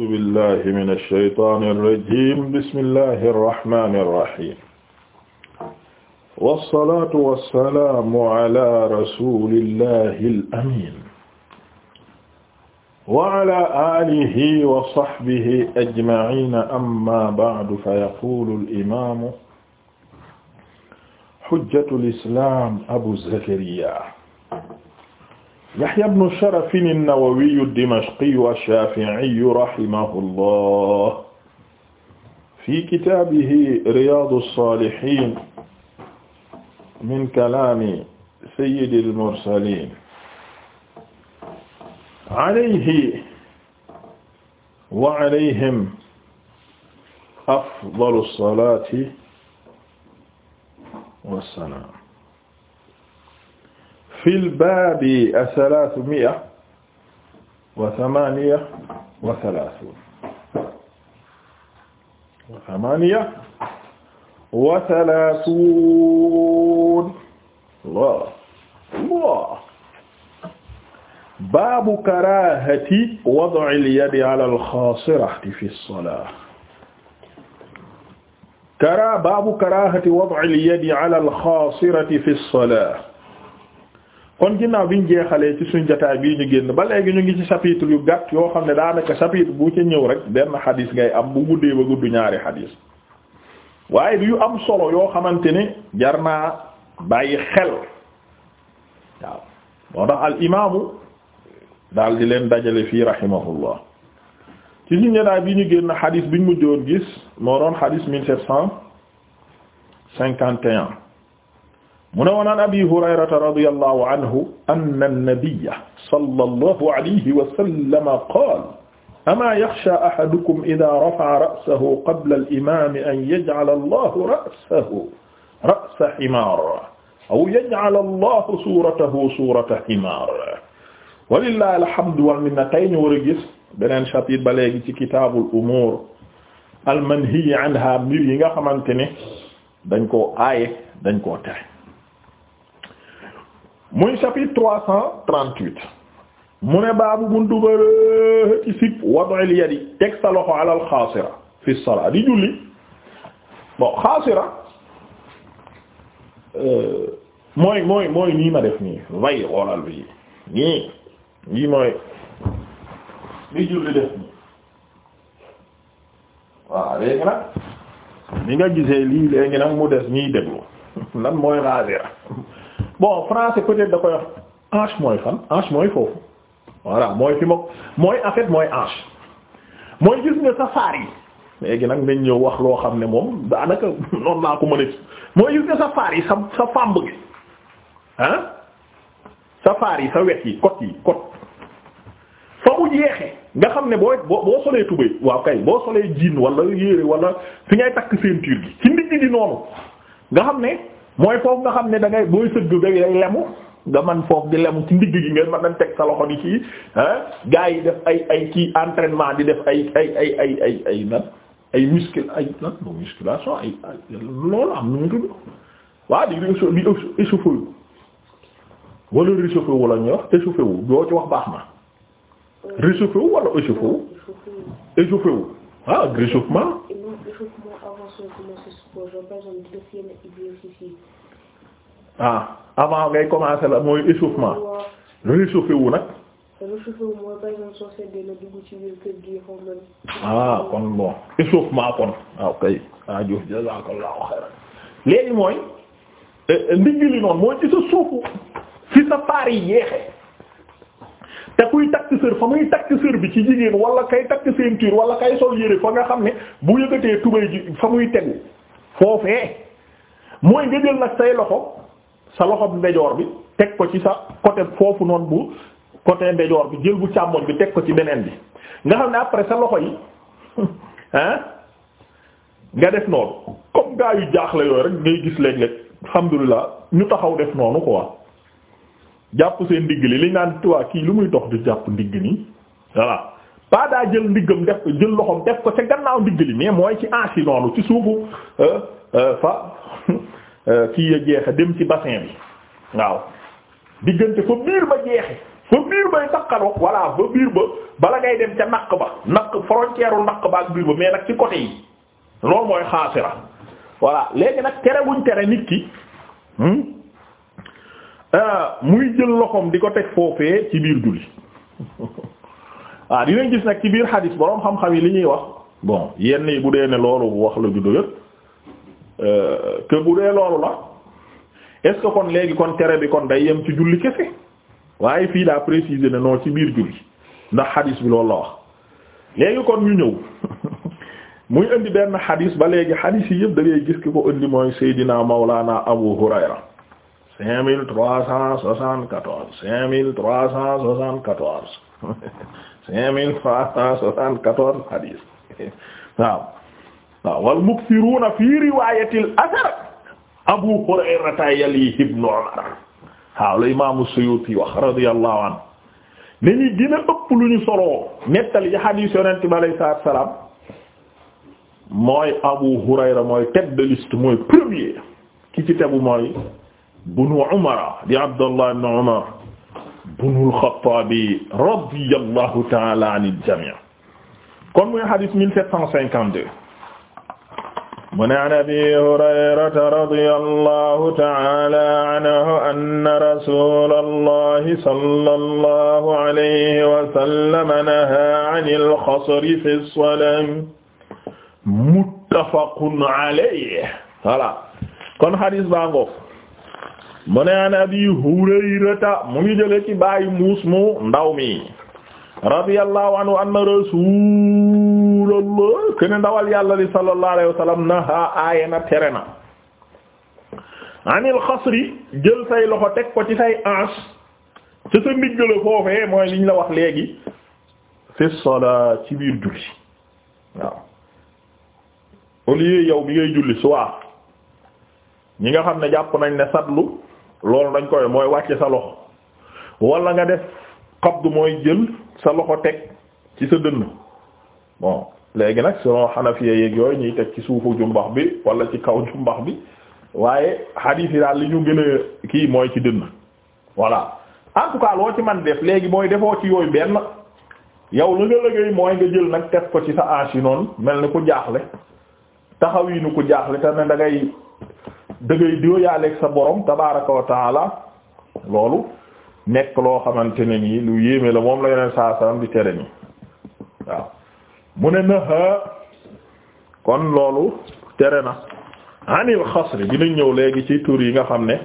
a'uuzu billahi mina shaytaani rajiim bismillahi rahmaani rahiim wassalaatu wassalaamu alaa rasuulillahil amiin wa alaa aalihi wa sahbihi ajma'iina ammaa ba'du fayaquulul imaamu hujjatul islaam abu zakariyaa Yahya ibn Sharaf an-Nawawi ad-Dimashqi ash-Shafi'i rahimahullah fi kitaabihi Riyadu s-Salihin min kalaami sayyidi l-mursalin alayhi wa alayhim afdalu s-salaati wa s-salaam fil baabi asalaasu mi'a wa samaaniya wa salaasuun wa samaaniya wa salaasuun Allah Allah baabu karaahati wad'il yadi alal xaasirati fi salaah karaa baabu karaahati wad'il yadi alal xaasirati fi salaah kon ginnaaw bi jeexalee ci suñ jataay bii ñu génn ba léegi ñu ngi ci chapitre yu gàtt yoo xam ne daanaka chapitre bu ca ñëw rek benn xadis ngay am bu guddee ba gudd ñaari xadis waaye du yu am solo yoo xamante ne jar naa bàyyi xel waaw moo tax al imaamu daal di leen dajale fii rahimahullah ci suñ jotaay bii ñu génn xadis bi ñu mujjoon gis moo doon xadis mille sept cent cinquante et mu ne woon an abi hurayrata radiyallahu anhu anna an-nabiyya sallallahu alayhi wa sallam qaala amaa yaxshaa ahadukum idaa rafa'a ra'sahu qabla al-imaam an yaj'ala allahu ra'sahu ra'sa himaar aw yaj'ala allahu suuratahu suurata himaar walillahi alhamdu wal minna tey ñu war a gis beneen chapitre ba léegi ci kitaabul umuur al-manhiyyi anhaa mbir yi nga xamante ne dañ koo aaye dañ koo tere muy chapitre trois cent trente-huit mu ne baabu buntu barëti sib wad'il yadi teg a loxo alal xaasira fi salaa di julli bon xaasira euh, mooy mooy mooy nii ma def nii vay xoolal bi nii nii mooy di julli def nii waaw léegi nag ni nga gisee lii léegi nag mu des ñiy déglu lan mooy xaasira bon français peut-être da koy wax mooy fan hanche mooy foofu voilà mooy fi ma mooy en mooy hanche mooy gis nga sa yi léegi nag nañ ñëw wax loo xam ne moom daanaka noonu laa ko mën a mooy gis nga sa yi sa sa fàmb gi ah sa yi sa wet yi cot yi côte fa mu jeexee nga xam ne boo boo solee tubéy waaw kay boo solee jiin wala yére wala fi ngay takk ceinture gi ci ndigg gi noonu nga xam ne. mooy foofu nga xam ne dangay booy sëgg day day lemu nga man foofu di lemu ci ndigg gi nga mën nañ teg sa loxo di ci gaa yi def ay ay kii entrainement di def ay ay ay ay ay ay nan ay muscul ay lan bo musculation ay loolu am nu mu tudd waaw di di échauffé wu wala réchauffé wu la ñuy wax échauffé wu doo ci wax baax na réchauffé wu wala échauffé wu échauffé wu ah, sont comment e ah avant ngay commencer la mooy échauffement réchauffé wu nag ah kon bon échauffement kon waaw ah, kay ah Diouf jazakallahu xayran léegi mooy eh, eh, ndigg li noonu mooy ci sa suufu fi sa paar yi te kuy takk sër fa muy takk sër bi ci jigéen wala kay takk ceinture wala kay sol yére fa nga xam ne bu yëgatee tubay ji fa muy tegu foofee mooy nga jël nag say loxo sa loxo ndejoor bi teg ko ci sa côté foofu noonu bu côté ndejoor bi jël bu càmmoñ bi teg ko ci beneen bi nga xam ne après sa loxo yi ah nga def noonu comme gaa yu jaaxle yooyu rek ngay gis léeg-léeg alhamdulilah ñu taxaw def noonu quoi. jàpp seen ndigg li li naan tuwaa kii lu muy dox di jàpp ndigg nii voilà pas daa jël ndiggam def ko jël loxoom def ko ca gannaaw ndigg li mais mooy ci ansi noonu ci suufu euh, euh, fa euh, kii ya jeexe dem ci bassin bi waaw diggante fa biir ba jeexe fa biir bay naqaroo voilà ba biir ba bala ngay dem ca naq ba naq frontière u naq ba ak biir ba mais nag ci côté yi loolu mooy xaasira voilà léegi nag tere buñ tere nit ki hmm? Euh, muy jël loxoom di ko teg foofee ci biir julli waaw ah, dinañ gis nag ci biir xadis boroom xam-xam yi li ñuy wax bon yenn yi bu dee ne loolu wax la ju doyat euh, que bu dee loolu la est kon léegi kon tere bi kon day yem ci julli kese waaye fii daa préciser ne non ci biir julli ndax xadis bi loolu la wax léegi kon ñu ñëw muy indi benn xadis ba léegi xadis yi yëpp da ngay gis ki ko indi mooy Seydina Mawlana Abu Hurayra cinq mille trois soixante-quatorze cinq mille trois soixante-quatorze cinq mille trois soixante-quatorze hadith waaw waaw wal mukthiruna fi riwayatil athar abu hurayrata yali ibnu umar waaw la imaamu suyuti wax radiyallahu anhu ne ñu gën a ëpp lu ñu nettali ci hadith yonent bi alayhi hurayra mooy tête de mooy premier ki ci tebu mooy bunu Umar di Abdallah ibn Umar bunu al-Khattab radiyallahu ta'ala anil jami' kon muy hadith 1752 mu ne an Abi Hurayrata radiyallahu ta'ala anhu anna rasulallahi sallallahu alayhi wa sallam naha anil khasri fi as-salam muttafaqun alayhi voilà kon hadith baa ngoog mu ne an abi hurayrata mu ngi jële ci bàyyi muus mu ndaw mi radiyallahu anhu anna rasulallah kene ndawal yàlla li sallallahu alayhi wa sallam naha aaye na tere na anil xasri jël say loxo teg ko ci say ans ci sa ndigg la foofee mooy liñ la wax léegi fi salaa ci biir julli waaw au lieu yow bi ngay julli soit ñi nga xam ne jàpp nañ ne satlu loolu dañ koy mooy wàcce sa loxo wala nga def xabdu mooy jël sa loxo teg ci sa dënn bon léegi nag selon xanafiya yeeg yooyu ñuy teg ci suufu jumbax bi wala ci kaw jumbax bi waaye hadith yi daal li ñu gën a kii mooy ci dënn voilà en ci man def léegi mooy defoo ci yooyu benn yow la nga liggéey mooy nga jël nag teg ko ci sa hanche yi noonu mel ni ku jaaxle taxaw yi nu ku jaaxle te ne da ngay dëggay diwo yaaleeg sa borom tabaraka wa loolu nekk loo xamante ne nii lu yéeme la moom la yeneen saa salaam di tere nii waaw mu ne na kon loolu tere na anil xasri dina ñëw léegi ci tur yi nga xam ne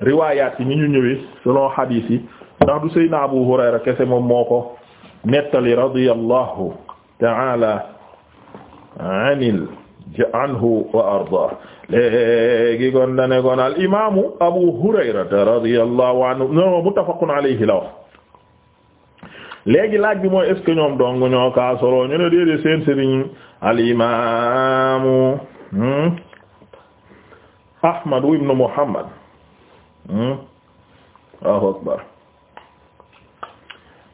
riwaayaat yi ni ñu ñëwee selon xadiis yi ndax du Seydina Abu Hurayra kese moom moo ko nettali radiyallahu taala anil anhu wa ardah léegi kon dane al imamu abu hurayrata radiyallahu anhu no muttafaqun alayhi la wax léegi laaj bi mooy est ce que ñoom dong ka solo ñu ne déedéet seen al imamu hmm, ahmad ibn muhammad hmm, Allahu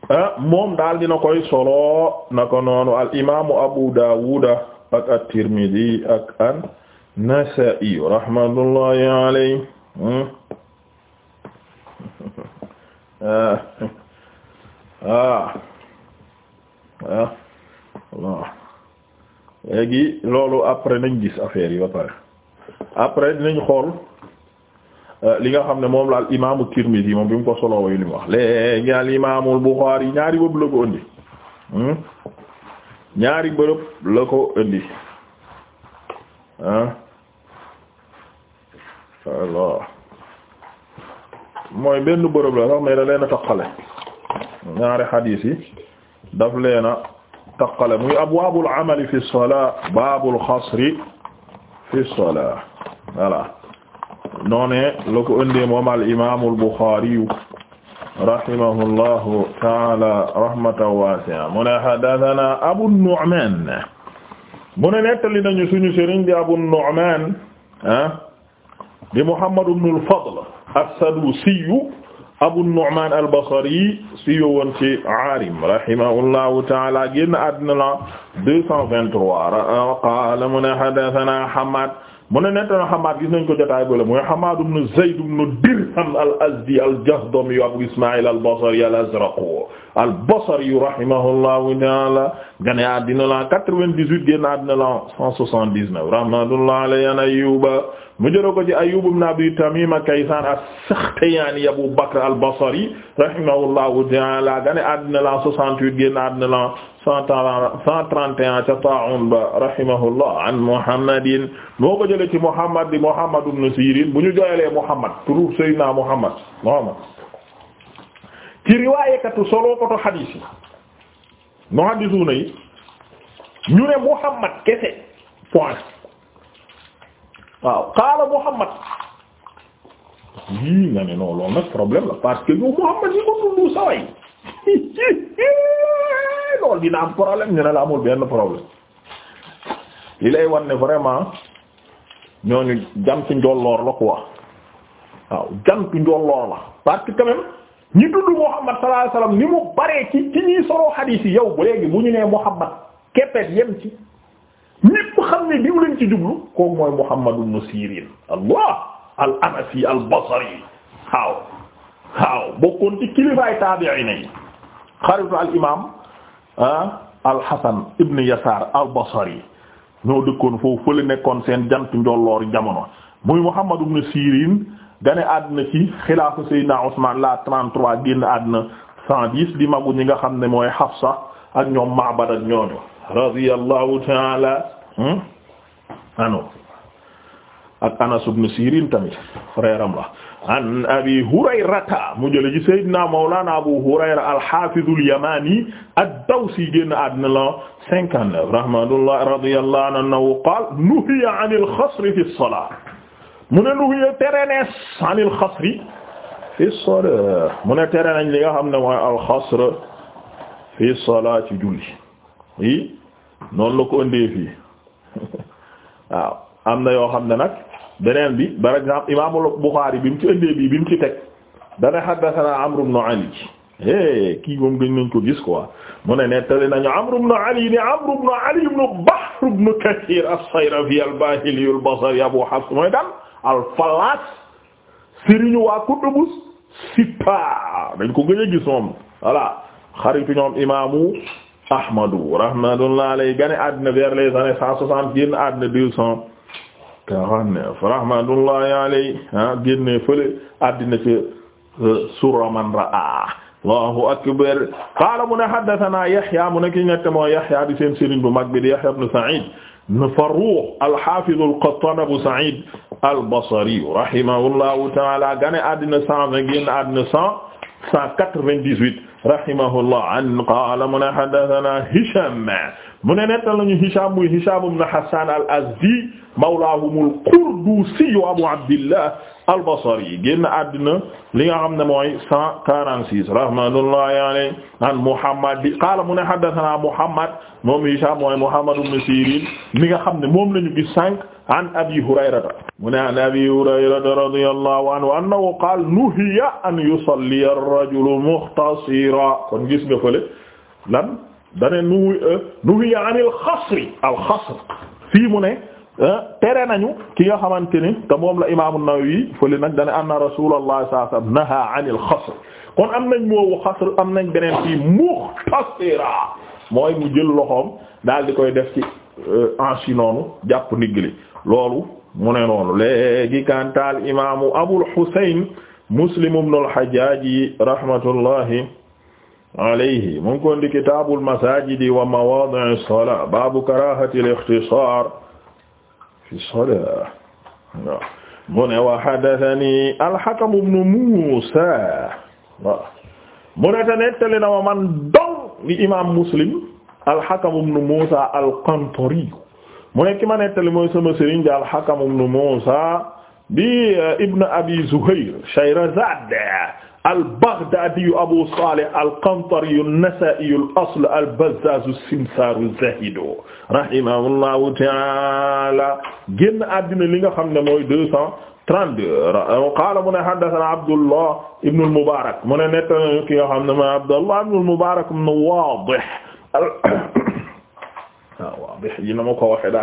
ah, moom daal dina koy solo na ko noonu al imamu abu dawuda ak at-Tirmidhi ak an-Nasa'i rahmatullahi alayhi ah léegi loolu après nañ gis affaire yi ba après dinañ xool euh, li nga xam ne moom la al imaamu Tirmidhi moom bi mu ko solo wayu li léegi al imaamul Bukhari ñaari bëb la ko ñaari bërëb la ko indi mooy benn bërëb la sax mais da leen a taqale ñaari xadiis yi daf leen a taqale muy abwaabul amali fi salaa baabul xasri fi salaa voilà la ko indee moom al imaamul Buxaari rahimahullahu taala rahmatan wasi'a mu ne haddathana Abu Nu'man mu ne nettali nañu suñu sëriñ di Abu Nu'man ah di Muhammad ibn al-Fadl as-Sadusi Abu Nu'man al-Basri siyo woon ci Aarim rahimahullahu taala génn àddina la 223 qala mu ne haddathana Hammad mu ne nente na Hammaad gis nañ ko jotaay bale mooy Hammaad ibn Zayd ibn Dirham al-Azdi al-Jahdami Abu Ismaa'il al-Basri al-Azraq al-Basri rahimahullahu ta'ala gane àddina la 98 génn àddina la 179 rahmatullahi alayhi an Ayyuba mu jëloo ko ci Ayyub ibn Abi Tamima Kaysan as-Sakhtiyani Abu Bakr al-Basri rahimahullahu ta'ala gane àddina la 68 génn àddina la 131 ca Taa'uun ba rahimahullah an Muhammadin moo ko jëlee ci Muhammad Muhammad ibn Sirin bu ñu jooyalee Muhammad turu Seydina Muhammad Muhammad ci riwaayekatu solo ko to hadiis yi muhaddisuuna yi ñu ne Muhammad kese point waaw Muhammad yii nga ne non loolu nag la parce que Muhammad yi ko tudd saway loolu dina am benn problème li lay wan vraiment ñooñu jantu njolloor la quoi waaw jantu njolloor la parce que quand même ñi tudd Muhammad sallallahu alayhi wasallam ni mu baree ci ci ñuy soroo xadiis bu léegi bu ñu nee Muhammad keppet yem ci ñépp xam ne diw lañ ci jublu kooku mooy Muhammad ibn Sirin allah al anasi al basri waaw waaw bokkoon ci kilifaay taabi'in yi xaritu al imam Ah, alxasan ibn yasaar albasari ñoo dëkkoon foofu fële nekkoon seen jant njolloor jamono muy muhammad ibn sirin gane àddina ci xilaafu seydina usman la 33 génn àddina 110 di magu ñi nga xam ne mooy xafsa ak ñoom maabad ak ñooñu radiyallahu taala hmm? anu ak anas ibn sirin tamit frère am la an abi hurayrata mu jële ci sayyidina mawlana abu hurayra alhafidul yamani ad-dawsi génn àddina la cinquante neuf rahmatullah radiyallahu anhu qaal nuhiya anil xasri fi salaa mu ne nuhiya terenees anil xasri fi salaa mu ne terenañ li nga xam ne mooy alxasr fi salaa ci julli yi noonu la ko ëndee fii waaw am na yoo xam ne nag beneen bi par exemple imaamul Buxaari bi mu ci ëndee bi bi mu ci teg dana haddathana Amr ibn Ali é eh, kii moom gën nañ ko gis quoi mu ne nettali nañu Amr ibn Ali ni Amr ibn Ali ibn Bahr ibn Kathir as-Sayrafi al-Bahili al-Basri Abu Hafs mooy dal al-Fallas sëriñu waa Kutubus Sitta dañ ko gën a gis moom voilà xaritu ñoom imaamu Ahmadu rahmatullahi alayhi gane àddina vers les années soixante génn àddina deux cents 49 rahmatullahi alayhi ah génne fële addina ci euh, surra man raa allahu akbar qaala mu ne haddathana Yahya mu ne ki nekk moo Yahya di seen sëriñ bu mag bi di Yahya ibn Sa'id ibn Farrukh al-Hafiz al-Qattan Abu Sa'id al-Basri rahimahullahu ta'ala gane addina 120 génn addina 198 rahimahullah an qaala mu ne haddathana Hisham mu ne nettal nañu Hisham muy Hisham ibn Hassan al-Azdi mawlaahum al-Qurdusi Abu Abdillah al-Basri génn àddina li nga xam ne mooy cent quarante-six rahmatullahi alayhi an Muhammad bi qaala mu ne haddathana Muhammad moom Hisham mooy Muhammad ibn Sirin mi nga xam ne moom lañu gis sànq an Abi Hurayrata mu ne an Abi Hurayrata radiyallahu anhu annahu qaala nuhiya an yusalliya ar-rajulu mukhtasira kon gis nga fële lan dane nu euh, nuhiya anil xasri al xasr fii mu ne euh, tere nañu ki nga xamante ni te moom la imaamu Nawawi fële nag dane anna rasulallah sallallahu alayhi wasallam naha anil xasr kon am nañ moowu xasr am nañ beneen fii muxtasira mooy mu jël daal di koy def ci anchi euh, noonu jàpp ndigli loolu mu ne noonu léegi kantaal imaamu Abul Husayn Muslim ibn al-Hajjaj rahmatullahi alayhi mu ngi ko indi kitaabul masaajidi wa mawaadi'i s-salaa baabu karaahati l-ixtisaar fi s-salaa mu ne wa haddathanii al-Hakam ibnu Muusaa mu ne te nettali na ma man dong di imaam Muslim al-Hakam ibnu Muusaa al-Qantari mu ne ki ma nettali mooy sama sëriñ di al-Hakam ibnu Muusaa di eh, ibnu Abi Zuhayr Shayrazaad al-Baghdadiyu Abu Salih al-Qantariyu an-Nasa'iyu al-asl al-Bazzazu as-Simsaru az-Zahidu rahimahullahu ta'ala génn àddina li nga xam ne mooy deux cent trente-deux qaala mu ne haddathana Abdullah ibn al-Mubarak mu ne nett ki nga xam ne mooy Abdullah ibn al-Mubarak ibn Wadih waaw waaw bi yi na ma ko waxe daa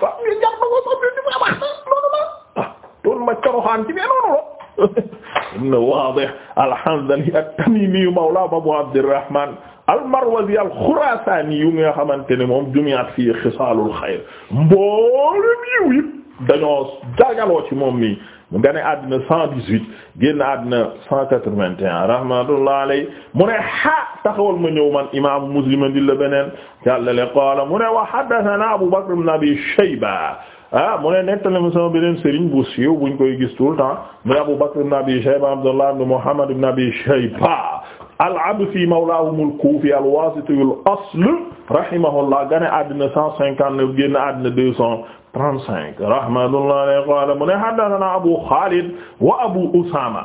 waaw ñu jar ma ko sax bi di ma wax ah, noonu la ah doon ma coroxaan ci bee noonu la ibn Wadih al-Hanzali at-Tamimi mawla Abu Abdirrahman al-Marwazi al-Khurasani yu nga xamante ne moom jumi'at fii xisaalul xayr mboolem yiw yëpp dañoo jagaloo ci moom mi mu gane àddina 118 génn àddina 181 rahmatullah alay mu ne ha taxawal ma ñëw man imaamu Muslim di la beneen jàllale qaala mu ne wa haddathana Abu Bakr ibn Abi Shayba ah mu ne nettali mu sama beneen sëriñ bu siiw buñ koy gis tout le temps muy Abu Bakr ibn Abi Shayba Abdullah ibn Muhammad ibn Abi Shayba al-Absi mawlaahum al-Kufi al-Wasiti al-asl rahimahullah gane àddina cent cinquante-neuf génn àddina deux cent trente-cinq rahmatullahi alayhi qala mu ne haddathana Abu Khalid wa Abu Usama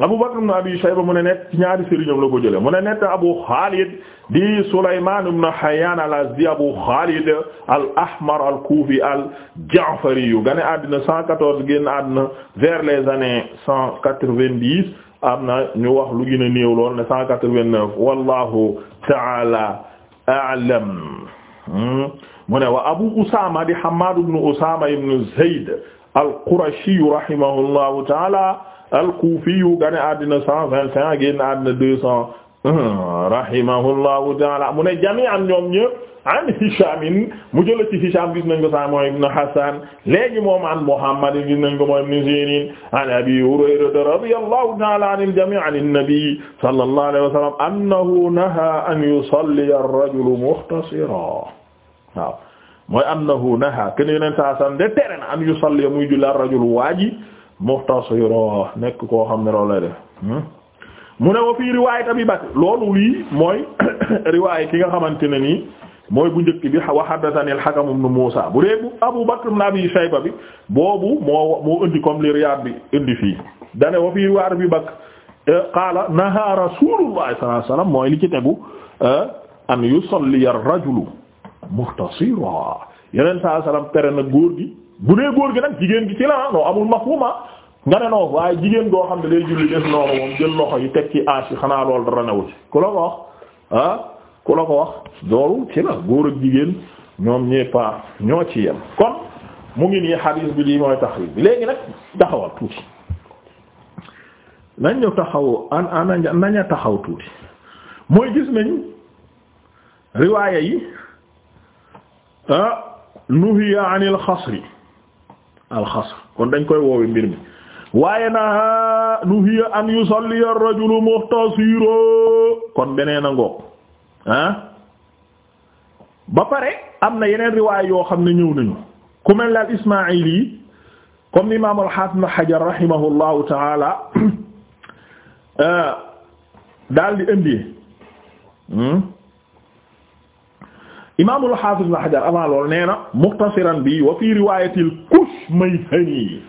Abu Bakr ibn Abi Shayba mu ne nekk ci ñaari sëriñam la ko jëlee mu ne nekk Abu Khalid di Sulayman ibn Hayyan al-Azdi Abu Khalid al-Ahmar al-Kufi al-Ja'fari yu gane àddina 114 génn àddina vers les années 190 am na ñu wax lu gën a néew lool ne 189 wallahu ta'ala a'lam mu ne wa Abu Usama di Hammad ibn Usama ibn Zayd al-Qurashi rahimahullahu ta'ala al-Kufiyu gane àddina cent vingt et un génn àddina deux cent rahimahullahu taala mu ne jami'an ñoom ñëpp an Hisham mu jëla ci Hisham gis nañ ko sa mooy ibn Hasan léegi moom an Muhammad gis nañ ko mooy ibn Sirin an Abi Hurayra radiyallahu taala anil jami' anin nabi sallallahu alayhi wa sallam annahu naha an yusalliya ar-rajulu mukhtasira waaw mooy annahu naha ken yoneen sa san de tere na an yusalliya muy julli ar-rajulu waaji muxtasira nekk koo xam ne mu ne wa fii riwaayat Abi Bakr loolu lii mooy riwaay ki nga xamante ne nii mooy bu njëkk bi wa haddathani al-Hakam ibn Muusa bu dee bu Abu Bakr ibn Abi Shayba bi boobu moo moo indi comme li Riyaad bi indi fii dane wa fii riwaayat Abi Bakr eh, qaala naha Rasulullah sallallahu mooy li ci tegu eh, an yusalli salaam tere na góor gi bu dee góor gi nag jigéen gi ci la non amul mafuma ah. nga ne non waaye jigéen goo xam ne day julli des noonu moom jël loxo yi teg ci aas xanaa loolu dara newu ci ku la ko wax ah ku la ko wax loolu ci la góor ak jigéen ñoom ñee pa ñoo ci yem kon mu ngi nii xadiis bi lii mooy tax léegi nag taxawal tuuti nañ taxaw an an naña taxaw tuuti mooy gis nañ riwaaya yi ah anil xasri alxasr kon dañ koy woowe mbir mi waaye naha nuhiya an yusalli ar-rajulu muhtasira kon beneen a ngoog ah. ba pare am na yeneen riwaay yoo xam ne ñëw nañu ku mel ne al Ismaa'ili yi comme l'imam al-Hafiz Hajar rahimahullahu taala ah, daal di indi hmm? imaamul hafiz ibn Hajar avant loolu nee na muqtasiran bi wa fi riwayatil Kushmayhani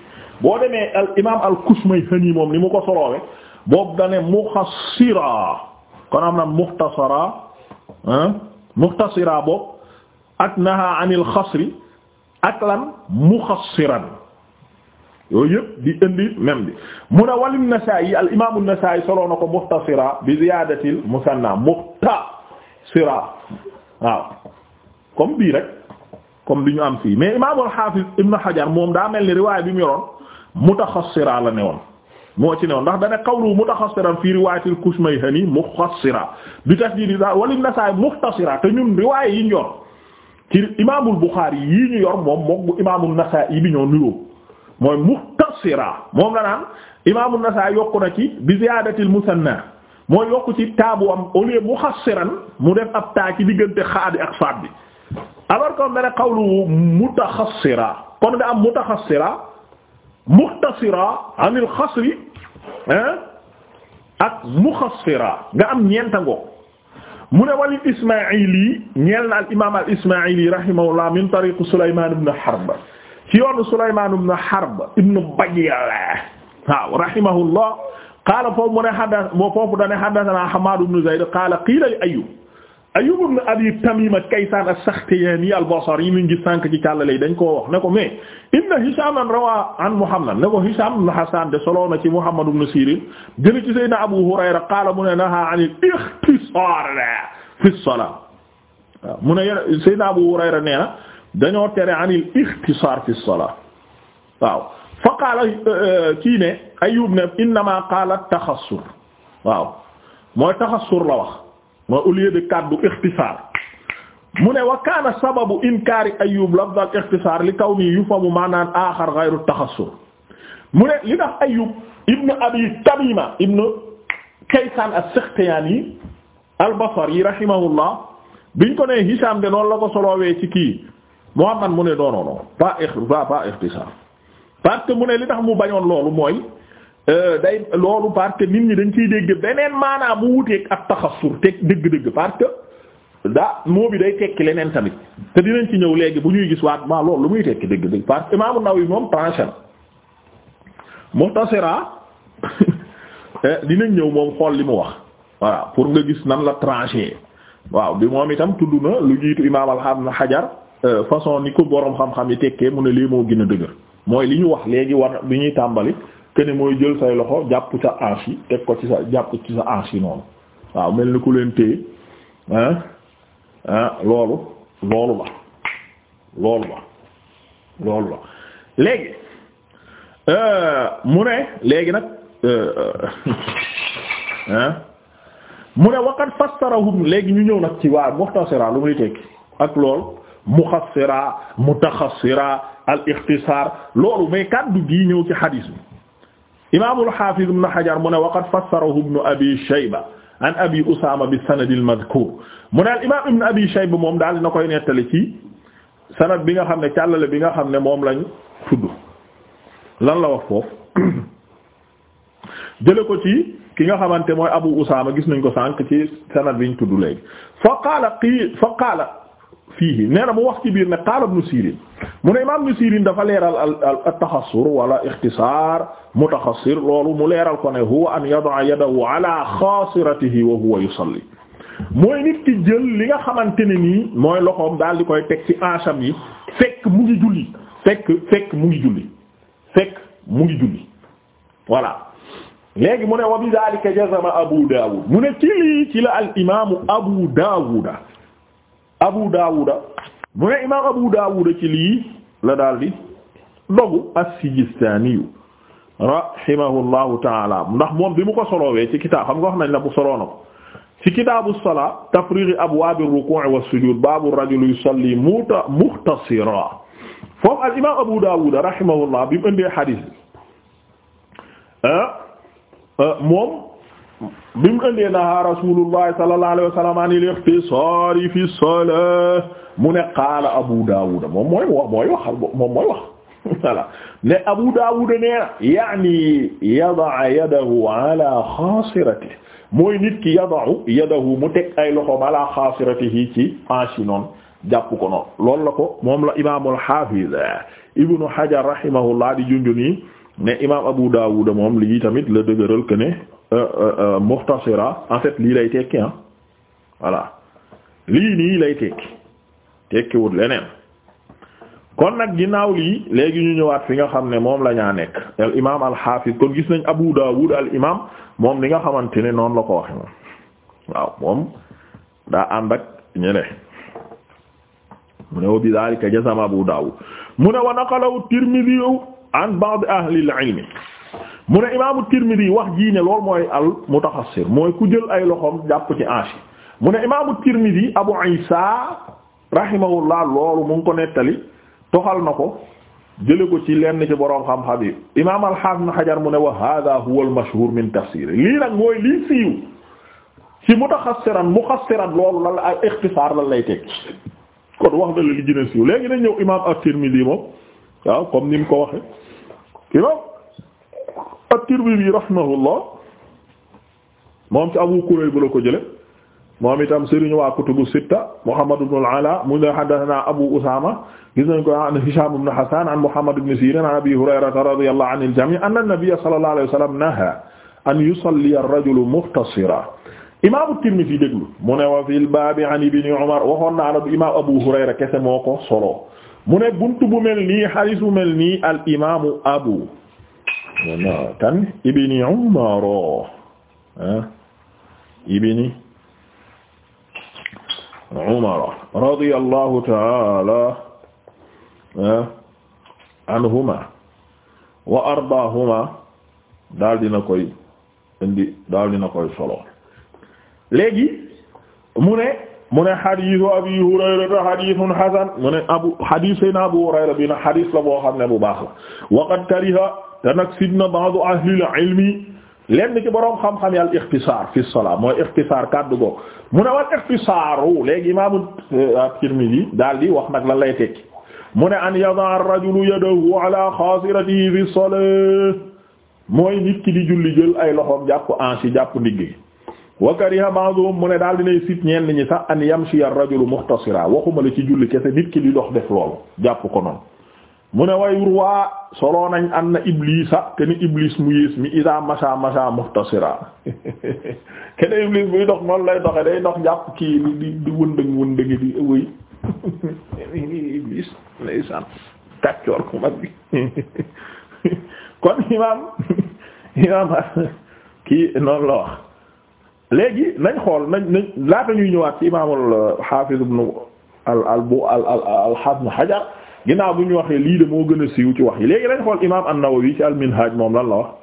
boo demee al imaam al Kushmayhani moom ni mu ko soloowe boobu da ne muqassira kon am na muxtasara muxtasira boobu ak naha anil xasri ak lan muxassiran yooyu yëpp di indi même bi mu ne wal Nasaa'i al imaam an-Nasaa'i soloo na ko muxtasira bi ziyaadatil musanna muxtasira waaw comme bii rek comme bi ñu am fii mais imaam al-Hafiz Ibn Hajar moom daa mel ni riwaay bi mu yoroon mutaxassira la ne woon moo ci ne woon ndax dane qawlu mutaxassiran fii riwaayatil Kushmayhani muxassira bi tasdiid daal wala Nasaay muxtasira te ñun riwaay yi ñu yor ci imaamul Buxaari yii ñu yor moom mook bu imaamul Nasaay bi ñoo niroo mooy muxtasira moom la naan imaamul Nasaay yokku na ci bi ziyaadatil musanna mooy yokku ci taabu am au lieu mu def ab taa diggante xaadi ak bi. alors que mene qawlu mutaxassira kon nga am mutaxassira muxtasira anil xasri hein ak muxassira nga am ñeentango mu ne walil ismaili ñeel na al imam al ismaili rahimahullah min tariq sulayman ibn harb ci yoonu sulayman ibn harb ibn bajil waaw rahimahullah qaala foofu mu ne hadda foofu dane haddathana hamad ibn zayd qaala qiila li ayyub Ayyub ibn Abi Tamim Kaysan as-Sakhtiyani al-Basri mi ngi sànk ci càllale yi dañ koo wax ne ko mais inna Hishaman rawa an Muhammad ne ko Hisham ibn Hasan de soloo na ci Muhammad ibn Sirin jële ci Sayyidina Abu Hurayra qaala mu ne naha an al-ikhtisar fi as-salat waaw mu ne yene Sayyidina Abu Hurayra nee na dañoo tere an al-ikhtisar fi as-salat waaw fa qaala kii ne Ayyub ne innama qaala taxassur waaw mooy taxassur la wax moo au de kaddu ixtisaar mu ne wa kaana sababu inkaari ayub lafdal ixtisaar li kaw nii yufamu maanaan aaxar gayru taxassur mu ne li tax ayub ibn abi tamima ibn kaysan as-sakhtiyani al-basri rahimahullah biñ ko nee hisham de noonu la ko solowee ci kii muhammad mu ne doonoonoo pas pas pas ixtisaar parce mu ne li tax mu bañoon loolu mooy Euh, day loolu parce que nit ñi dañ ciy dégg beneen maanaam mu wuteeg ak taxasur teg dëgg-dëgg parce que daa moo bi day tekki leneen tamit te dinañ ci ñëw léegi bu ñuy gis waat waaw loolu lu muy tekki dëgg-dëgg parce que Imam An-Nawawi moom tranché na Muxtasara eh, dinañ ñëw moom xool li mu wax voilà pour nga gis nan la tranché waaw bi moom itam tudd na lu jiitu Imam na Hajar euh, façon ni ko boroom xam-xam yi tekkee mu ne lii moo gën a dëgër mooy li ñu wax léegi war bi ñuy tàmbali. kene mooy jël say loxo jàpp ca hanche teg ko ci sa jàpp ci sa hanche yi noonu waaw mel ni ku leen téye loolu loolu la loolu la léegi euh, mu ne léegi nag ah mu ne waqad fassarahum léegi ñu ñëw nag ci waa muxtasira lu muy tekki ak lool muxassira mutaxassira al ixtisaar loolu mais kàddu gi ñëw ci xadiis bi imaamul xaafiz ibn Hajar mu ne waqad fassarahu ibn Abi Shayba an Abi Usaama bi sanad al-mazkuur mu ne al-imaam ibn Abi Shayba moom daal dina koy nettali ci sanad bi nga xam ne càllale bi nga xam ne moom lañ tudd lan la wax foofu jële ko ci ki nga xamante mooy Abu Usaama gis nañ ko sànq ci sanad biñ tudd léegi fa qaala qii fa qaala fiihi nee na wax ci biir ne qaala ibnu Sirin mu ne imaam ibnu Sirin dafa leeral al at-taxassur wala ixtisaar mutaxassir loolu mu leeral ko ne an yada'a yadahu ala xaasiratihi wa huwa yusalli mooy nit ki li nga xamante ne nii mooy loxo daal di koy teg ci ancham yi fekk mu ngi julli fekk fekk mu ngi julli fekk mu ngi julli voilà léegi mu ne wa bi daalika Abu Daawud mu ne ci lii al imaamu Abu Daawuda Abu Daawuda mu ne imaam Abu Daawuda ci lii la daldi dogu as-Sijistaaniyu rahimahullahu taala ndax moom bi mu ko solowee ci kitaab xam nga wax nañ la bu soloona ko ci kitaabu salaa tafriiqi abwaabi rukuu'i wa sujuud baabu rajuli yusalli muta muxtasira foofu al imaam Abu Daawuda rahimahullah bi mu indee xadiis bi ah, ah, moom bi mu indee naha rasulullah sallallahu alayhi wa sallam anil ikhtisari fi salah mu ne qaala Abu Dawud moom mooy wax mooy wax moom mooy wax voilà ne Abu Dawud nee na yaani yada'a yadahu ala xaasiratihi mooy nit ki yada'u yadahu mu teg ay loxoom ala xaasiratihi ci hanche noonu jàpp ko noonu loolu la ko moom la imaamul haafiz Ibnu Hajar rahimahullah di junjuni ne imaam Abu Dawud moom lii tamit la dëgëral que ne. Euh, euh, euh, muxtasira en fait lii lay tekki ah voilà lii nii lay tekki tekkiwut leneen kon nag ginnaaw lii léegi ñu ñëwaat fi nga xam ne moom la ñaa nekk al imaam al xaafis kon gis nañ Abu Daawud al imaam moom li nga xamante ne noonu la ko waxe moom waaw moom daa ànd ak ñene mu ne wa bi daalika jazama Abu Daawud mu ne wa naqalahu Tirmidhi an ba'd ahli al-ilm mu ne imaamu Tirmidi wax jii ne loolu mooy al mutaxassir mooy ku jël ay loxoom jàpp ci hanche mu ne imaamu Tirmidi Abu Isa rahimahullah loolu mu ngi ko nettali toxal na ko jële ko ci lenn ci boroom xam-xam yi imaam al-Hafiz Ibn Hajar mu ne wa hada huwa al-mashhur min tafsir lii nag mooy lii siiw ci mutaxassiran muxassiran loolu lan la ak ixtisaar lan lay kon wax na la li gën siiw léegi nañ ñëw imaam at-Tirmidi moom waaw comme ni ko waxe at-Tirmidhi rahimahullah moom ci Abu Kurayb la ko jële moom itam sëriñ waa kutubu sitta Muhammad ibn al-Ala mu ne haddathana Abu Usama gis nañ ko an Hisham ibn Hasan an Muhammad ibn Sirin an Abi Hurayrata radiyallahu anil jami' anna an-nabiyya sallallahu alayhi wa sallam naha an yusalliya ar-rajulu mukhtasira imaamu Tirmidhi déglu mu ne wa fil baabi an ibn Umar waxoon naa la imaam Abu Hurayra kese moo ko solo mu ne buntu bu mel nii hadiis bu mel nii al imaamu Abu non kan ibni Umar ah ibni Umar radiyallahu ta'ala anhuma wa ardaahuma daal dina koy indi daal dina koy solo léegi mu ne mu ne xadiisu abi hurayrata xadiisun xasan mu ne abu xadiis sayna abu hurayra bi na xadiis la boo xam ne bu baax la waqad kariha te nag sidna ba'du ahlil ilmi lenn ci boroom xam-xam yi al ixtisaar fi salaa mooy ixtisaar kàddu googu mu ne wal ixtisaaru léegi imaamu euh, at-Tirmidhi daal di wax nag lan lay tekki mu ne an yada'a ar-rajulu yadahu ala xaasiratihi fi salaa mooy nit ki di julli jël ay loxoom jàpp anche yi jàpp ndigg gi wa kariha ba'dhum mu ne daal dinay sit ñenn ñi sax an yamshi ar-rajulu muxtasira waxuma la ci julli kese nit ki di dox def loolu jàpp ko noonu mu ne way ruwaa soloo nañ an na iblisa keni iblis mu yées mi ida masa masa muxtasira kene iblis buy dox noonu lay doxe day dox jàpp kii di di wëndëng wëndëngi di wëy iblis lay sàn kàccoor ku mag bi kon imam imam kii noonu la wax léegi nañ xool nañ nañ laata ñuy ñëwaat ci imaamul xaafiz ibnu al al bu al al al xajar ginnaaw bu ñu waxee lii de moo gën a siiw ci wax yi léegi lañ xool imaam an-Nawawi ci al-Minhaj moom lan la wax